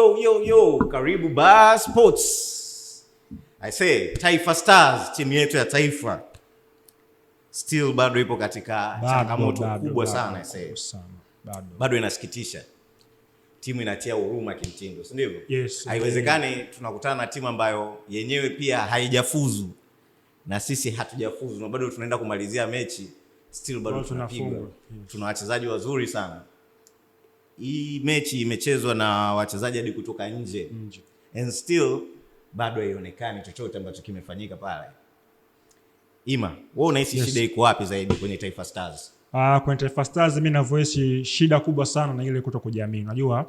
yo, yo, yo, karibu Ba Sports. I say Taifa Stars, timu yetu ya taifa still bado ipo katika changamoto kubwa sana I say. Bado, bado inasikitisha, timu inatia huruma kimtindo, si ndivyo? Yes, haiwezekani yeah. Tunakutana na timu ambayo yenyewe pia haijafuzu na sisi hatujafuzu na bado tunaenda kumalizia mechi still bado tunapigwa, tuna wachezaji wazuri sana hii mechi imechezwa na wachezaji hadi kutoka nje nje, and still bado haionekani chochote ambacho kimefanyika pale. Ima, wewe unahisi yes, shida iko wapi zaidi kwenye Taifa Stars? Ah, kwenye Taifa Stars mimi navyohisi shida kubwa sana na ile kuto kujiamini. Unajua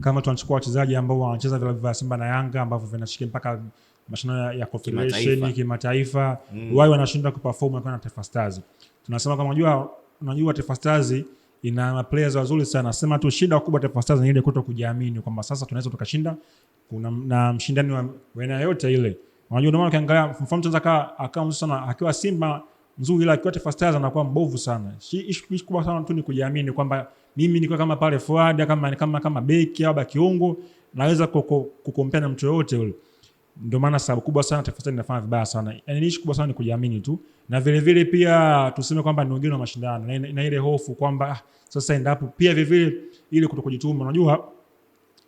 kama tunachukua wachezaji ambao wanacheza vilabu vya Simba na Yanga ambavyo vinashika mpaka mashindano ya confederation kimataifa, mm. wao wanashinda kuperform kwa Taifa Stars. Tunasema kama unajua unajua Taifa Stars ina players wazuri sana. Sema tu shida kubwa Taifa Stars ni ile kuto kujiamini kwamba sasa tunaweza tukashinda kuna na mshindani wa wena yote ile. Unajua ndio maana ukiangalia mfano tunaweza kaa akawa mzuri sana akiwa Simba mzuri, ila akiwa Taifa Stars anakuwa mbovu sana. Issue kubwa sana tu ni kujiamini kwamba mimi nikiwa kama pale forward kama kama kama beki au kiungo naweza kukompea na mtu yote yule. Ndio maana sababu kubwa sana Taifa Stars inafanya vibaya sana, Yaani ni kubwa sana ni kujiamini tu, na vile vile pia tuseme kwamba ni wengine wa mashindano na, na ile hofu kwamba ah, sasa endapo pia vile vile ile kutokujituma. Unajua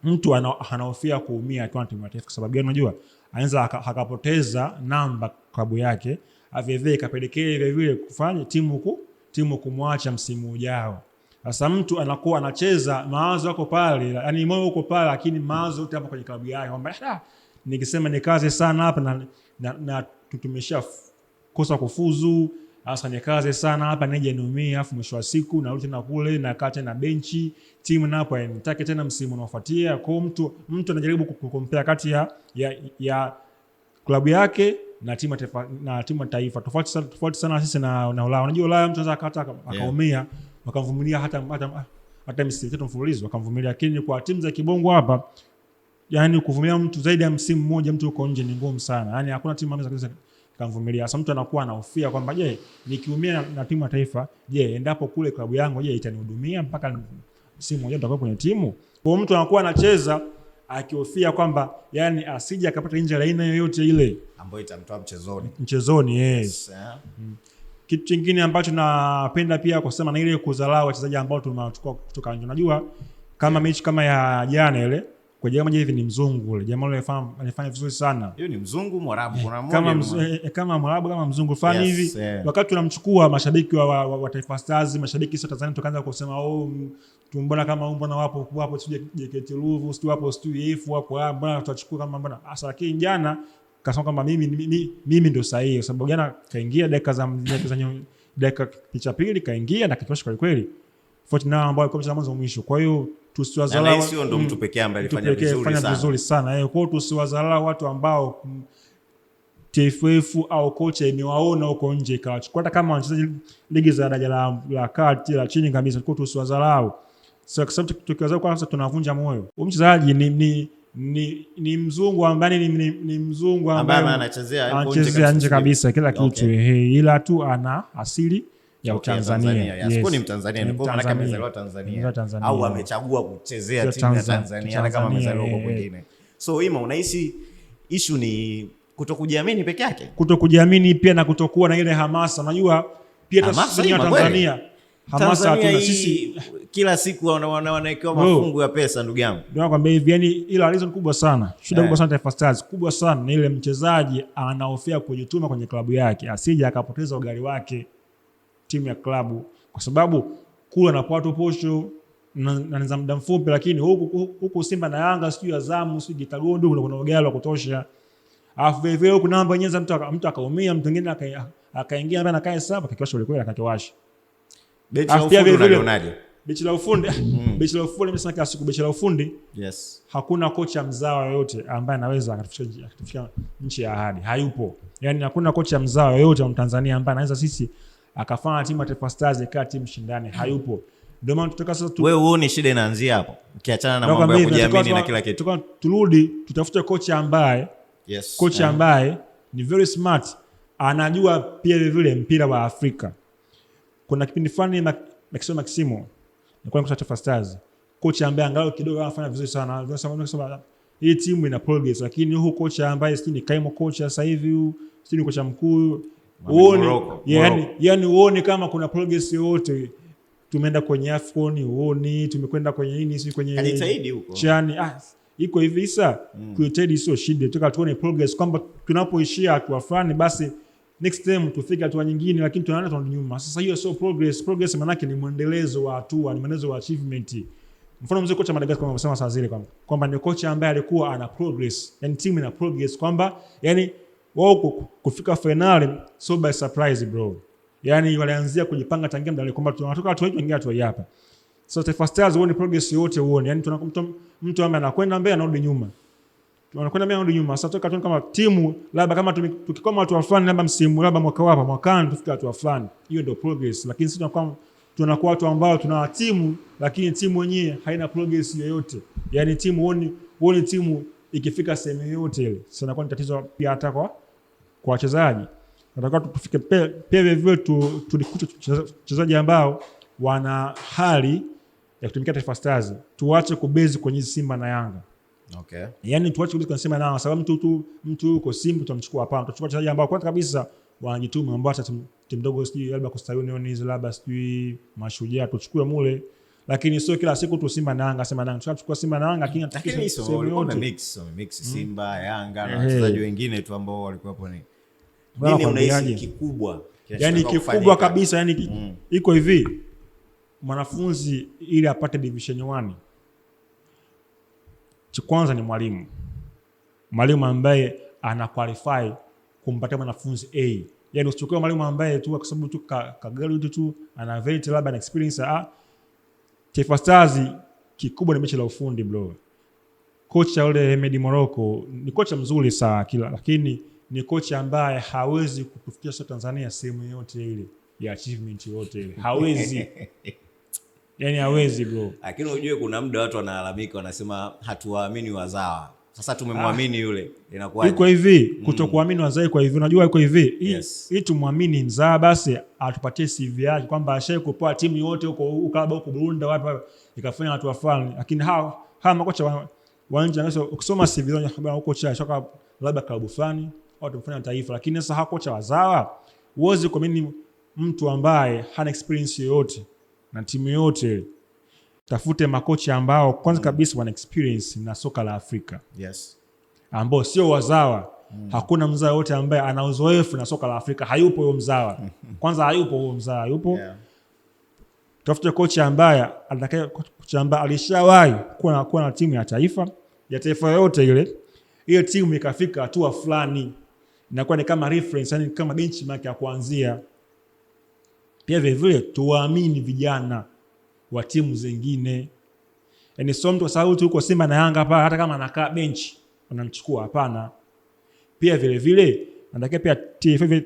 mtu anahofia kuumia akiwa na timu ya taifa, kwa sababu gani? Unajua anaweza akapoteza namba klabu yake, vilevile ah, ikapelekea vile kufanya timu ku, timu kumwacha msimu ujao. Sasa mtu anakuwa anacheza mawazo yako pale, yani moyo uko pale, lakini mawazo yote hapo kwenye klabu yake kwamba ah, nikisema nikaze sana hapa na, na, na kosa kufuzu, sasa nikaze sana hapa nije niumie, afu mwisho wa siku narudi tena kule nakaa tena benchi, timu napo hainitaki tena msimu unaofuatia. Kwa mtu mtu anajaribu kukompea kati ya, ya, ya klabu yake na timu na timu taifa tofauti sana, tofauti sana sisi na, na Ulaya. Unajua Ulaya mtu anaweza kata akaumia yeah, wakamvumilia hata hata hata msimu tatu mfululizo wakamvumilia, lakini kwa timu za kibongo hapa yani kuvumilia mtu zaidi ya msimu mmoja, mtu yuko nje ni ngumu sana. Yani hakuna timu ambayo kamvumilia. Sasa mtu anakuwa anahofia kwamba je, nikiumia na na timu ya taifa, je, endapo kule klabu yangu, je, itanihudumia mpaka msimu mmoja nitakuwa kwenye timu? Kwa mtu anakuwa anacheza akihofia kwamba yani asije akapata injury ya aina yoyote ile ambayo itamtoa mchezoni. Mchezoni, yes. Yes, yeah. Mm. Kitu kingine ambacho napenda pia kusema na ile kudharau wachezaji ambao tunawachukua kutoka nje. Unajua kama mechi kama ya jana ile kwa jamaa hivi ni mzungu ule jamaa ule alifanya vizuri sana. hiyo ni mzungu Mwarabu, kuna eh, mmoja kama mzungu, eh, kama Mwarabu kama mzungu fulani yes, hivi yeah. Wakati tunamchukua mashabiki wa, wa, wa, wa Taifa Stars mashabiki sio Tanzania, tukaanza kusema oh, tumbona kama mbona wapo wapo sio JKT Ruvu sio wapo sio EF wapo mbona tutachukua kama mbona asa lakini jana kasema kwamba mimi mimi, mimi ndio sahihi, kwa sababu jana kaingia dakika za dakika picha pili kaingia na kitosha kwa kweli, tofauti na ambao alikuwa mchezo mwanzo mwisho, kwa hiyo tusiwadharau. ndo mm. mtu pekee ambaye alifanya vizuri sana, Eh, watu ambao TFF au kocha imewaona huko nje ikawachukua, hata kama wanachezaji ligi za daraja la, la kati la chini kabisa, kwa tusiwadharau so, kwa tunavunja moyo. Huyu mchezaji ni, ni ni, ni mzungu ambaye ni, ni, ni mzungu ambaye anachezea nje kabisa kila kitu okay. Hey, ila tu ana asili amechagua eh, eh. unahisi ni kutokujiamini peke yake, pia na kutokuwa na ile hamasa. Unajua pia Tanzania kila siku wanawekewa mafungu ya pesa, ndugu yangu, nakwambia hivi yani, ila reason kubwa sana shida yeah, kubwa sana Taifa Stars kubwa sana ni ile mchezaji anaofia kujituma kwenye klabu yake asija akapoteza ugari wake timu ya klabu, kwa sababu kula na kwato posho na za muda mfupi, lakini huku huku Simba na Yanga sijui Azamu sijui Jitagondo kuna kuna ugali wa kutosha, alafu vile vile kuna namba nyingine mtu mtu akaumia mtu mwingine akaingia ndani akae saba kakiwasha ile kweli akakiwasha beti ya ufundi unalionaje? Beti la ufundi mm. beti la ufundi mimi sana siku beti la ufundi yes, hakuna kocha mzawa yoyote ambaye anaweza akatufikia nchi ya ahadi, hayupo. Yani hakuna kocha mzawa yoyote wa Mtanzania ambaye anaweza sisi akafanya timu ya Taifa Stars ikawa timu shindani, mm. hayupo. Ndio maana tutoka sasa, tu, wewe uone shida inaanzia hapo, ukiachana na mambo ya kujiamini na kila kitu, tutaka turudi, tutafute kocha ambaye yes, kocha yeah, mm. ambaye ni very smart, anajua pia vile vile mpira wa Afrika. Kuna kipindi fulani Maxime Maximo alikuwa ni kocha Taifa Stars, kocha ambaye angalau kidogo anafanya vizuri sana, tunasema hii timu ina progress, lakini huu kocha ambaye sijui ni kaimo kocha sasa hivi, sijui ni kocha mkuu uone yani, yani uone kama kuna progress yoyote tumeenda kwenye Afcon uone tumekwenda kwenye nini si kwenye chani ah, iko hivi isa mm. Kuitedi sio shida, tunataka tuone progress kwamba tunapoishia hatua fulani basi next time tufike hatua nyingine, lakini tunaona tunarudi nyuma. Sasa hiyo sio progress. Progress maana yake ni mwendelezo wa hatua, ni mwendelezo wa achievement. Mfano mzee kocha Madagascar kama amesema saa zile kwamba kwamba ni kocha ambaye alikuwa ana progress, yani timu ina progress kwamba yani wao kufika finali so by surprise bro. Yani walianzia kujipanga tangia mdali kwamba tunatoka watu wengi wengine hapa. So Taifa Stars wao ni progress yote wao. Yani tuna mtu mtu ambaye anakwenda mbele anarudi nyuma. Tunakwenda mbele anarudi nyuma. Sasa toka tuone kama timu labda kama tukikoma watu fulani labda msimu labda mwaka hapa mwakani tufika watu fulani. Hiyo ndio progress. Lakini sisi tunakuwa tunakuwa watu ambao tuna timu lakini timu wenyewe haina progress yoyote. Yani timu wao ni timu ikifika sehemu yote ile. Sasa nakuwa ni tatizo pia hata kwa kwa wachezaji, nataka tufike pale vile tulikuta wachezaji ambao wana hali ya kutumikia Taifa Stars, tuache kubezi kwenye Simba na Yanga. Okay. Yaani tuache kubezi kwenye Simba na Yanga sababu mtu tu mtu yuko Simba tunamchukua, hapana. Tutachukua wachezaji ambao kwanza kabisa wanajituma, ambao hata timu ndogo sijui labda Coastal Union hizo labda sijui Mashujaa tuchukue mule lakini sio kila siku tu Simba na Yanga, Simba na Yanga. Tunachukua Simba na Yanga, lakini sio mix, mix mm. Simba Yanga na wachezaji wengine tu ambao walikuwa hapo ni nini unahisi kikubwa? yani kikubwa kabisa yani ki, mm. iko hivi mwanafunzi ili apate division 1 cha kwanza ni mwalimu, mwalimu ambaye ana qualify kumpatia mwanafunzi A. Yani usitokee mwalimu ambaye tu kwa sababu tu kagraduate tu ana vet labda na experience. a ah, Taifa Stars kikubwa ni mechi la ufundi bro. Kocha ule Hemedi Moroko ni kocha mzuri saa kila, lakini ni kocha ambaye hawezi kutufikia sasa Tanzania sehemu yote ile ya achievement yote ile hawezi yani hawezi bro. Lakini unajua kuna muda watu wanalalamika, wanasema hatuwaamini wazawa. Sasa tumemwamini ah, yule inakuwa iko hivi mm. Kutokuamini wazawa kwa hivi, unajua iko hivi hii yes. Tumwamini mzaa basi atupatie CV yake kwamba kupoa timu yote huko ukaba huko Burundi wapi ikafanya watu wafani, lakini hao hao makocha wa nje, ukisoma CV zao huko cha shaka labda klabu fulani au tumefanya taifa. Lakini sasa hakocha cha wazawa, huwezi kuamini mtu ambaye hana experience yoyote na timu yote. Tafute makocha ambao kwanza mm. kabisa wana experience na soka la Afrika yes, ambao sio wazawa mm. Hakuna mzawa yote ambaye ana uzoefu na soka la Afrika, hayupo huyo mzawa kwanza, hayupo huyo mzawa, hayupo yeah. Tafute kocha ambaye atakaye kocha ambaye alishawahi kuwa na timu ya taifa ya taifa yoyote ile, ile timu ikafika hatua fulani inakuwa ni kama reference, yani kama benchmark ya kuanzia. Pia vilevile tuwaamini vijana wa timu zingine, yani sio mtu kwa sababu tu uko Simba na Yanga hapa, hata kama anakaa bench unamchukua, hapana. Pia vilevile natakiwa pia TFF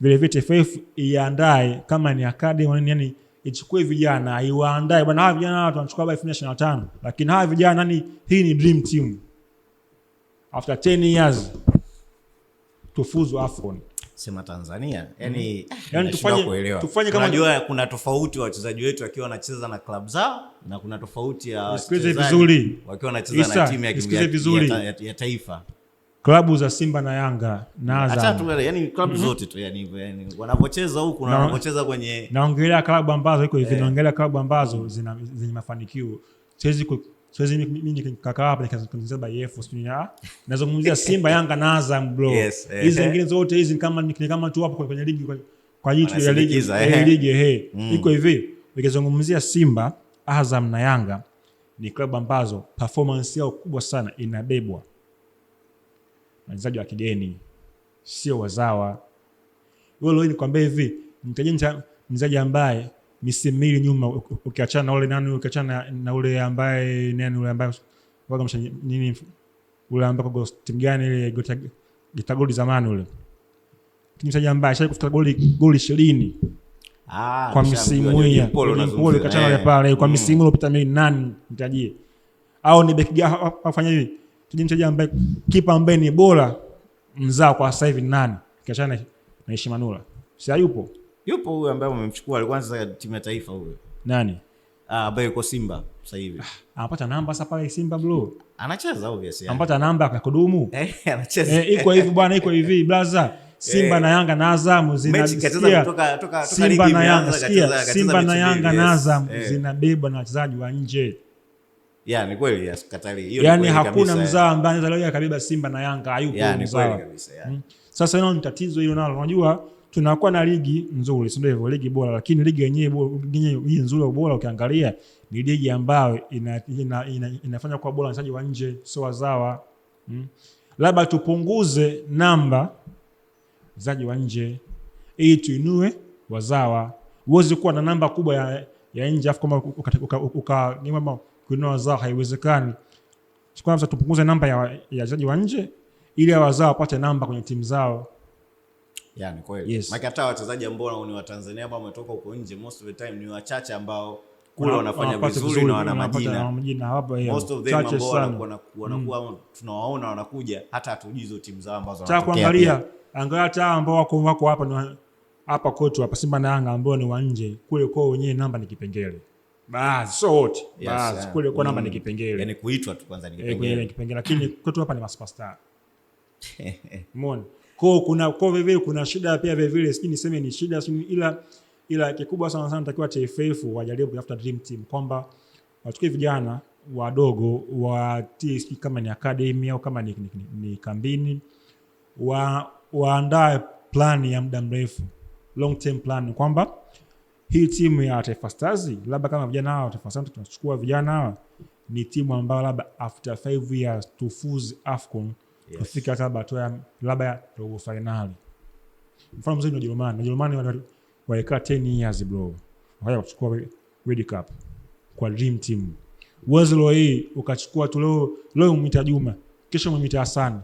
vilevile TFF iandae kama ni academy, yani ichukue vijana iwaandae, bwana, hawa vijana hawa tunachukua hapa tano, lakini hawa vijana ni hii ni dream team after 10 years tufuzu afon Sema Tanzania yani, mm. yani tufanye, tufanye kama unajua, kuna tofauti wa wachezaji wetu wakiwa wanacheza na klabu zao na kuna tofauti ya wachezaji vizuri wakiwa wanacheza na timu ya, ya, ya, ya taifa. Klabu za Simba na Yanga na Azam yani klabu mm -hmm. zote tu yani, yani wanapocheza huku na wanapocheza kwenye, naongelea klabu ambazo iko hivi eh, naongelea klabu ambazo zina zenye mafanikio siwezi siwezi nikazungumzia Bayefu sijui nazungumzia Simba Yanga na Azam eh, hizi eh. zote hizi kama ni kama tu hapo kwenye ligi kwa ya ligi eh, ligi mm. iko hivi ukizungumzia Simba Azam na Yanga ni klabu ambazo performance yao kubwa sana inabebwa wachezaji wa kigeni sio wazawa. Wewe leo hivi, mtajeni mchezaji ambaye misimu miwili nyuma, ukiachana na ule nani, ukiachana na ule ambaye nani, ule ambaye waga msha nini, ule ambaye kwa timu gani ile gita goli zamani, ule mchezaji ambaye shaji kufuta goli goli ishirini ah, kwa misimu hii Polo, ukiachana na eh. pale kwa mm. misimu iliyopita, mimi nani nitajie? Au ni beki afanya hivi, tuje mchezaji ambaye kipa ambaye ni bora mzao kwa sasa hivi nani, ukiachana na Heshima Nula si hayupo Yupo huyo ambaye umemchukua alikuwa sasa timu ya taifa huyo. Nani? Ah, ambaye yuko Simba sasa hivi. Ah, anapata namba sasa pale Simba bro. Anacheza obviously. Anapata namba akakudumu. Eh, anacheza. Eh, iko hivi bwana, iko hivi brother. Simba eh. na Yanga na Azam zinasikia. Simba na Yanga sikia. Simba na Yanga na Azam eh. zinabebwa na wachezaji wa nje. Ya, ni kweli ya katali. Hiyo yani hakuna mzaa eh. ambaye anaweza leo akabeba Simba na Yanga hayupo mzaa. Ya, ni kweli kabisa. Hmm. Sasa hilo ni tatizo hilo nalo. Unajua tunakuwa na ligi nzuri, sio hivyo, ligi bora, lakini ligi yenyewe hii nzuri au bora, ukiangalia ni ligi ambayo ina, ina, ina, inafanya kuwa bora wachezaji wa nje, sio wazawa hmm? Labda tupunguze namba wachezaji wa nje ili tuinue wazawa. Huwezi kuwa na namba kubwa ya, ya nje afu kama uka kuinua wazawa haiwezekani. Kwanza Tupunguze namba ya wachezaji wa nje ili wazawa wapate namba kwenye timu zao. Yani kweli. Yes. Maana hata wachezaji ambao ni wa Tanzania ambao wametoka huko nje most of the time ni wachache ambao kule wanafanya vizuri na wana majina. Hapa yeah. Most of them ambao wanakuwa wanakuwa mm. tunawaona wanakuja hata hatujui hizo timu zao ambazo wanatokea. Kuangalia angalia hata ambao wako wako hapa ni hapa kwetu hapa Simba na Yanga ambao ni wa nje kule kwao wenyewe namba ni kipengele. Baadhi sio wote. Baadhi kule kwa namba ni mm. kipengele. Yaani kuitwa tu kwanza ni eh, kipengele. Lakini kwetu hapa ni masupasta. Umeona? Kwa kuna kwa vile kuna shida pia vile vile, sijui niseme ni shida sijui, ila ila kikubwa sana sana takiwa TFF wajaribu kutafuta dream team kwamba wachukue vijana wadogo wa TSP kama ni academy au kama ni, ni, ni, ni kambini wa waandae plan ya muda mrefu long term plan kwamba hii timu ya Taifa Stars labda kama vijana hawa Taifa Stars tunachukua vijana hawa ni timu ambayo labda after 5 years tufuzi AFCON kufika yes. kufika kaba hatua labda ya robo fainali. Mfano mzuri ni Ujerumani. Ujerumani walikaa 10 years bro, wakaja kuchukua World Cup kwa dream team. Uwezi leo hii ukachukua tu leo leo umwita Juma, kesho umwita Hassan,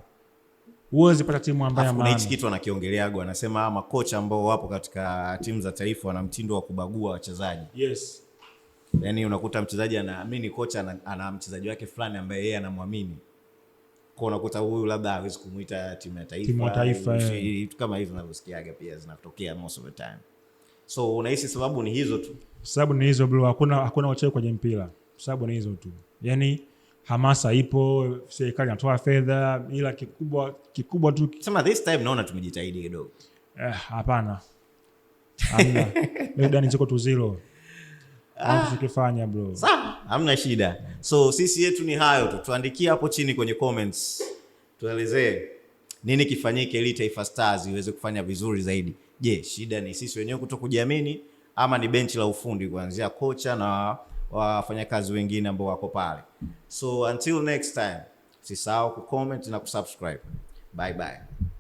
uwezi pata timu ambayo maana. Kuna hichi kitu anakiongeleago, anasema makocha ambao wapo katika timu za taifa wana mtindo wa kubagua wachezaji yes. Yani unakuta mchezaji anaamini kocha ana, ana mchezaji wake fulani ambaye yeye anamwamini kwa unakuta huyu labda hawezi kumuita timu ya taifa, timu ya taifa eh. vitu kama hivyo unavyosikiaga pia zinatokea most of the time. So unahisi sababu ni hizo tu? Sababu ni hizo bro, hakuna hakuna wachezaji kwenye mpira, sababu ni hizo tu. Yani hamasa ipo, serikali inatoa fedha, ila kikubwa kikubwa tu sema, this time naona tumejitahidi kidogo. Eh, hapana, hamna leo dani ziko tu zero Ah. Sawa, hamna shida. So sisi yetu ni hayo tu, tuandikie hapo chini kwenye comments, tuelezee nini kifanyike ili Taifa Stars iweze kufanya vizuri zaidi. Je, shida ni sisi wenyewe kuto kujiamini ama ni benchi la ufundi kuanzia kocha na wafanyakazi wengine ambao wako pale? So until next time, usisahau kucomment na kusubscribe. Bye bye.